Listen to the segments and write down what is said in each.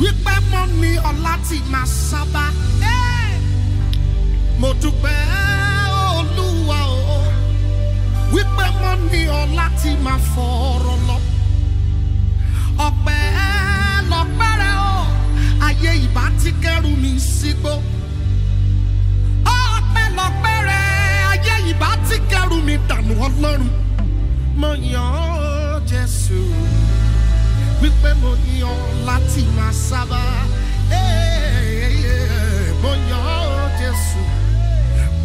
wípé mo ní ọlá tí màá sábà. mo dúpẹ́ olúwa o wípé mo ní ọlá tí màá fọ̀rọ̀ lọ. ọpẹ́ lọ́pẹ́rẹ́ o ayé ìbá ti kẹ́rù mi sígbó. ọpẹ́ lọ́pẹ́rẹ́ ayé ìbá ti kẹ́rù mi dànù ọlọ́run. mo yàn án jésù wípé mo ní ọ láti máa sábà. mo yàn ọ́ jésù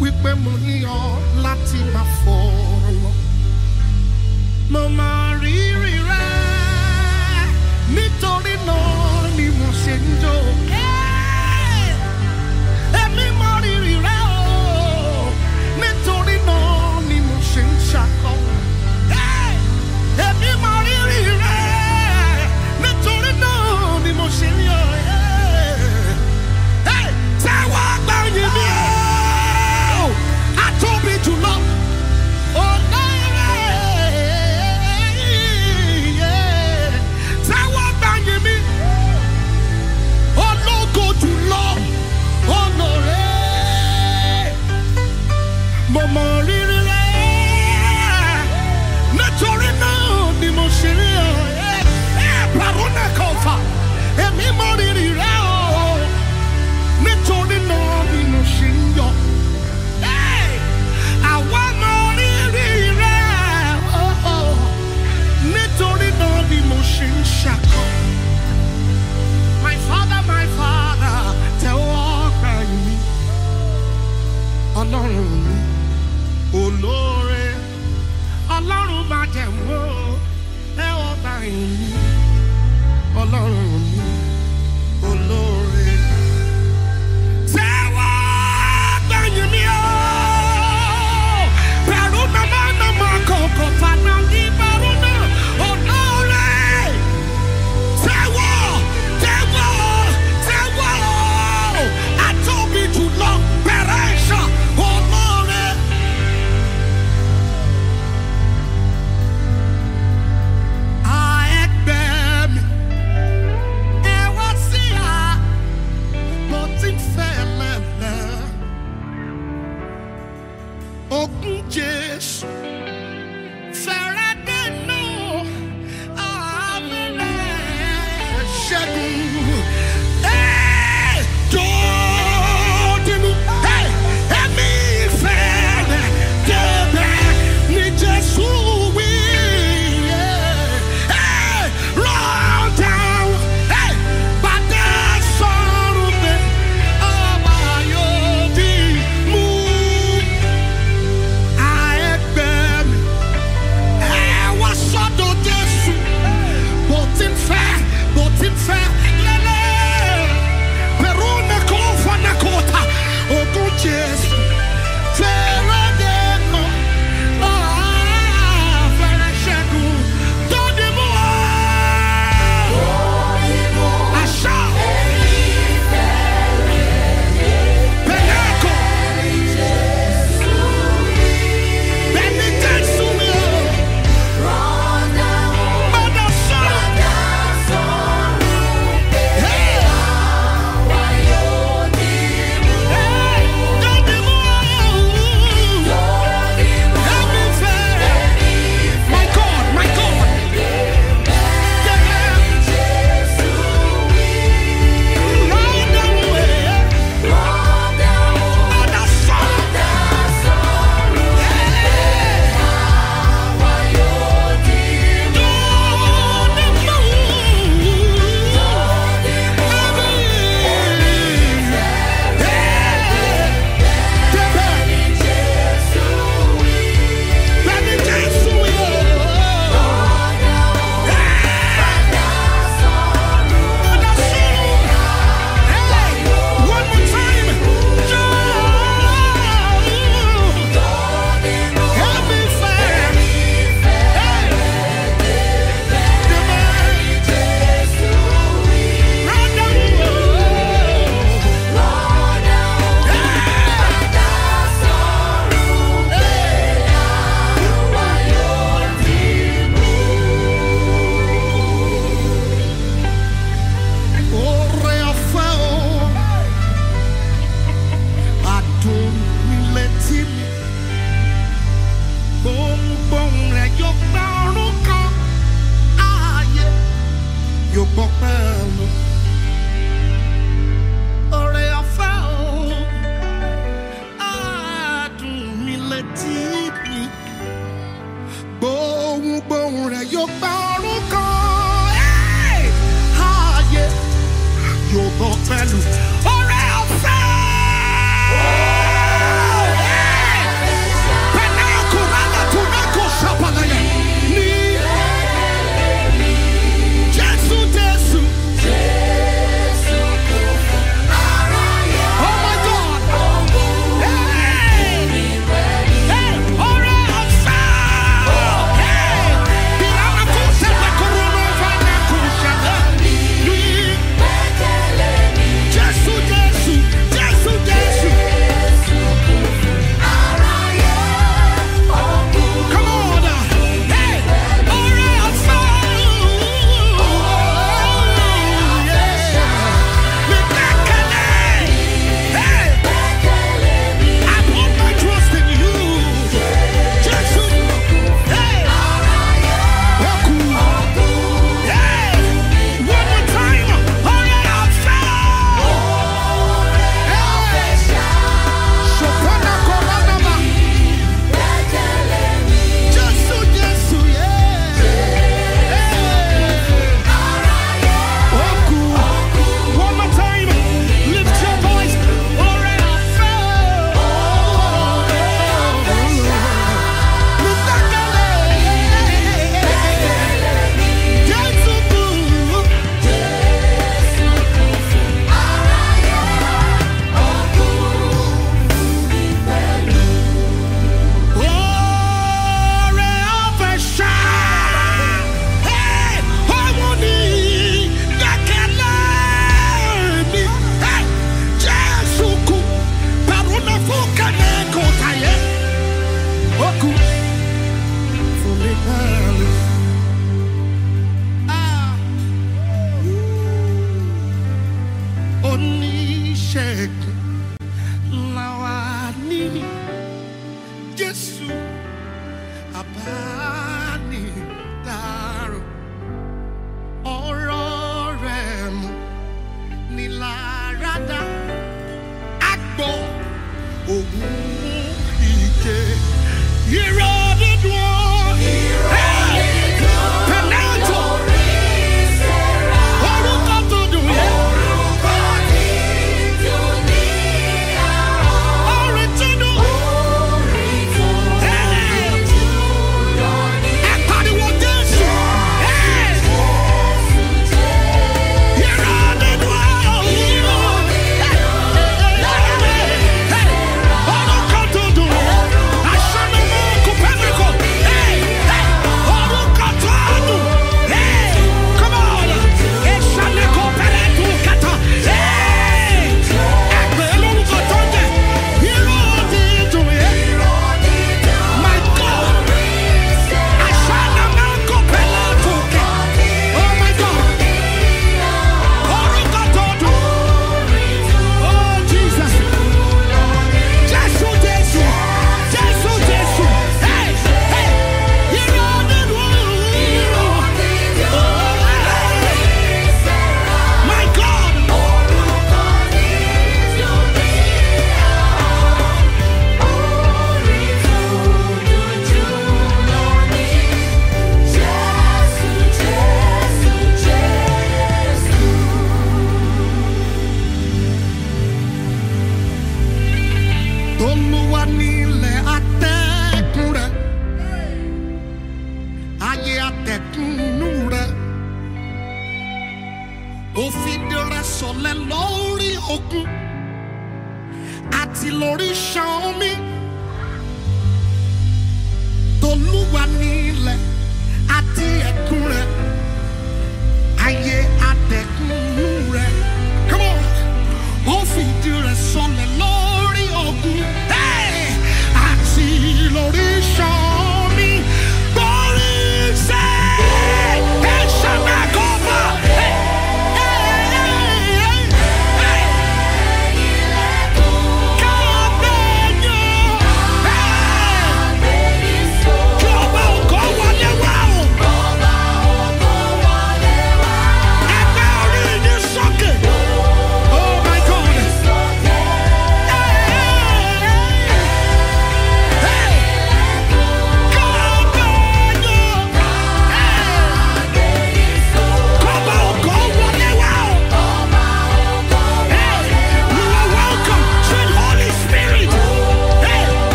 wípé mo ní ọ láti máa fọ̀rọ̀. mo máa rírì rẹ nítorí náà ni mo ṣe ń jó.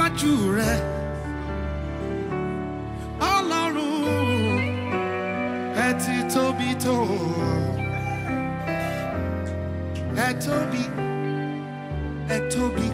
níwájú rẹ ọlọ́run ẹ ti tóbi tó ẹ tóbi ẹ tóbi.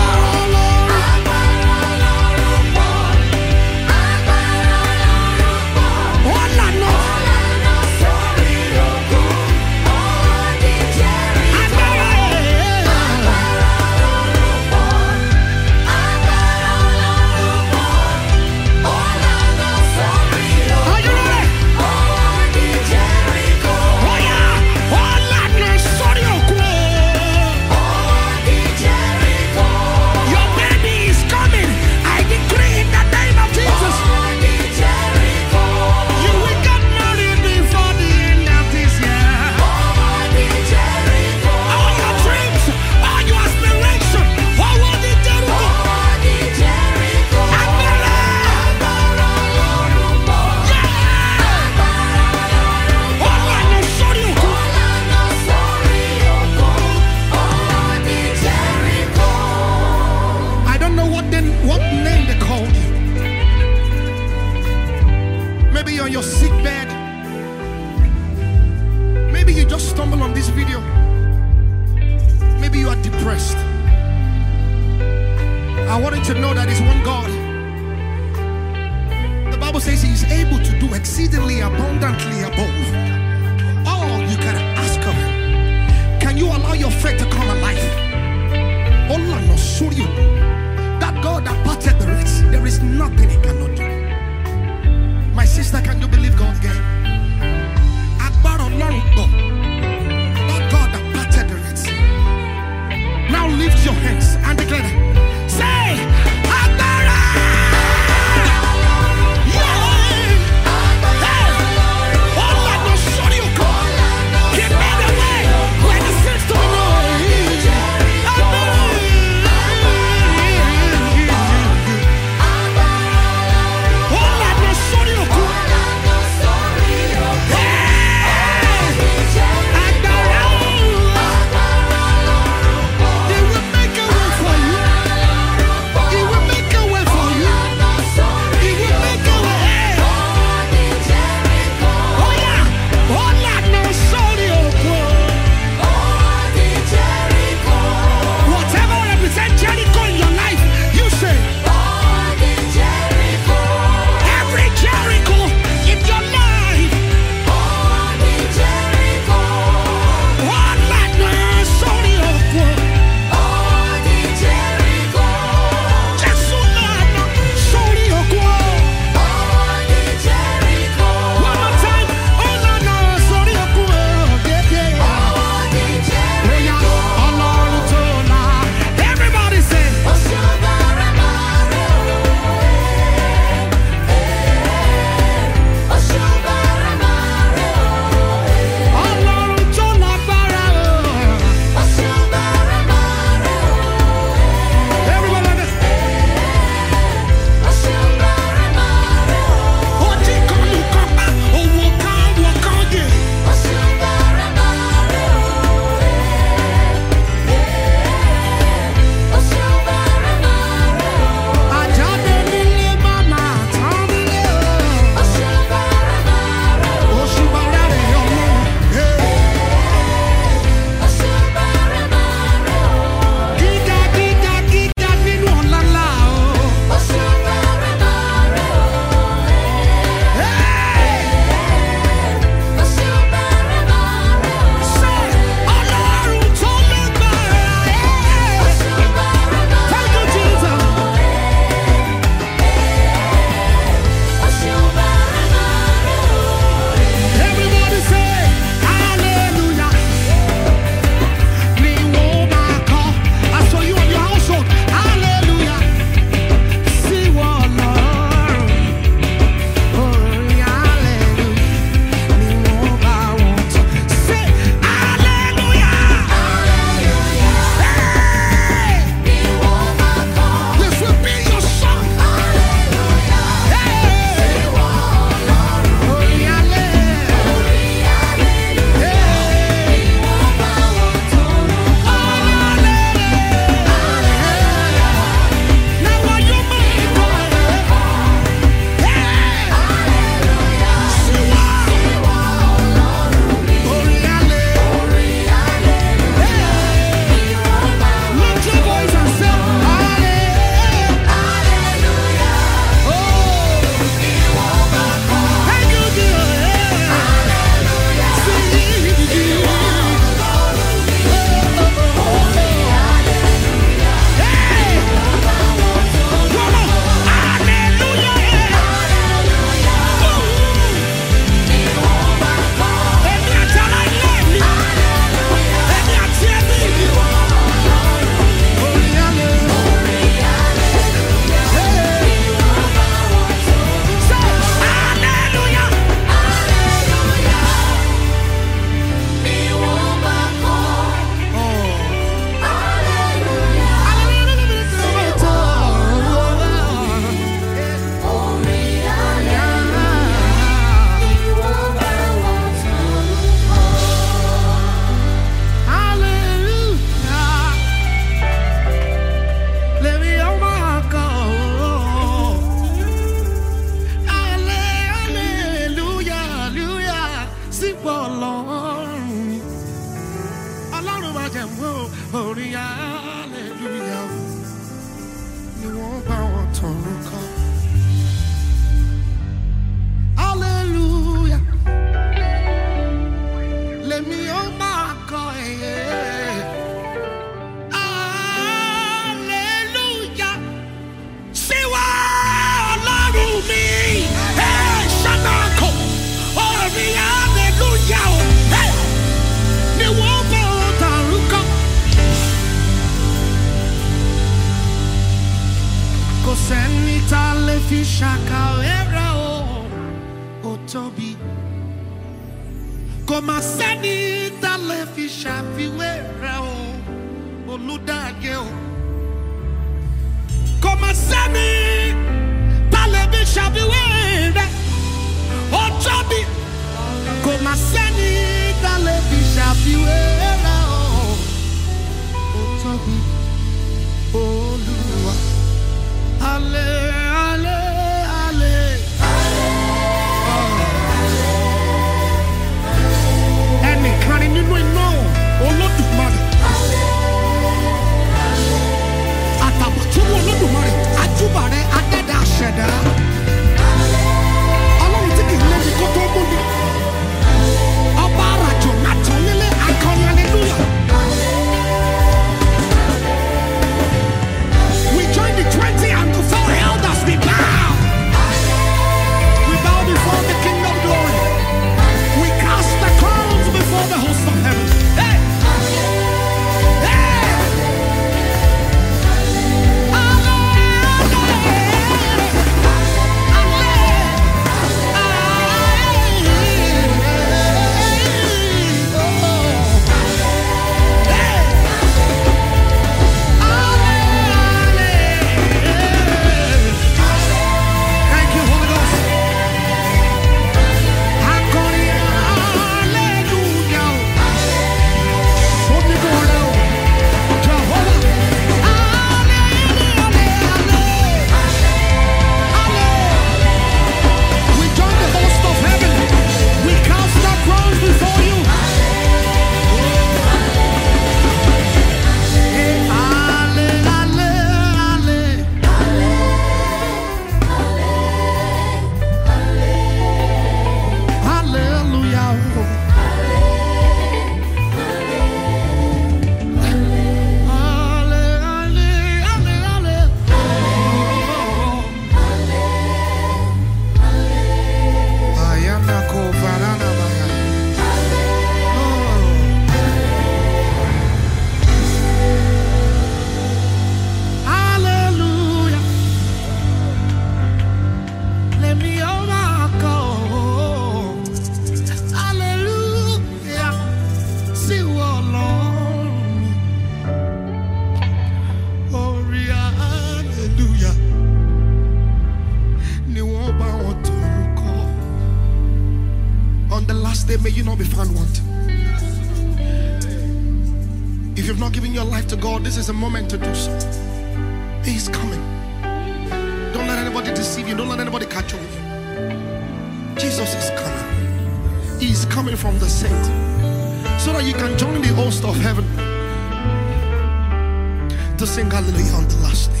to sing hallelujah the last day.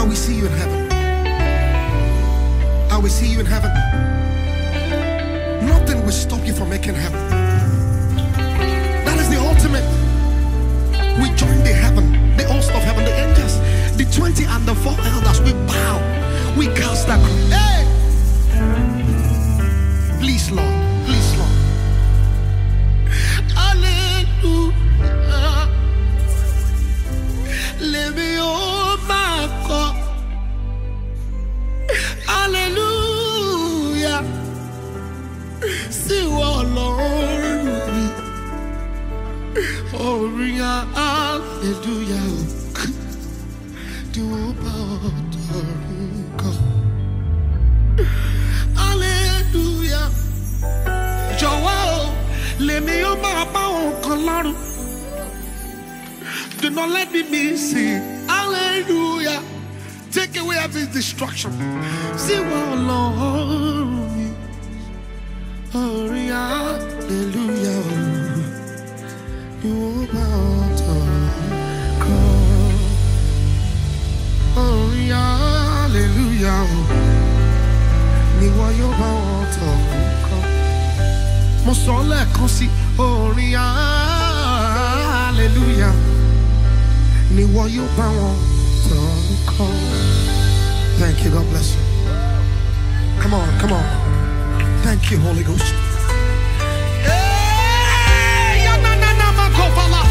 I will see you in heaven. I will see you in heaven. Nothing will stop you from making heaven. That is the ultimate. We join the heaven, the host of heaven, the angels, the 20 and the four elders. We bow. We cast that. Hey! Please, Lord. Hallelujah, hallelujah. Do Hallelujah. Jọ̀wọ́ lèmi ó máa bá òun kan lọ́rùn. Do not let me miss it. Hallelujah. Take away every destruction. See what lọ́rùn mi. Orin hallelujah. ọlọ́run níwọ yóò bá wọn tọ̀ nǹkan. mo sọ lẹ́ẹ̀kan sí orin hallelujah níwọ yóò bá wọn tọ̀ nǹkan. Thank you, God bless you. Come on, come on. Thank you, Holy Ghost. Hey,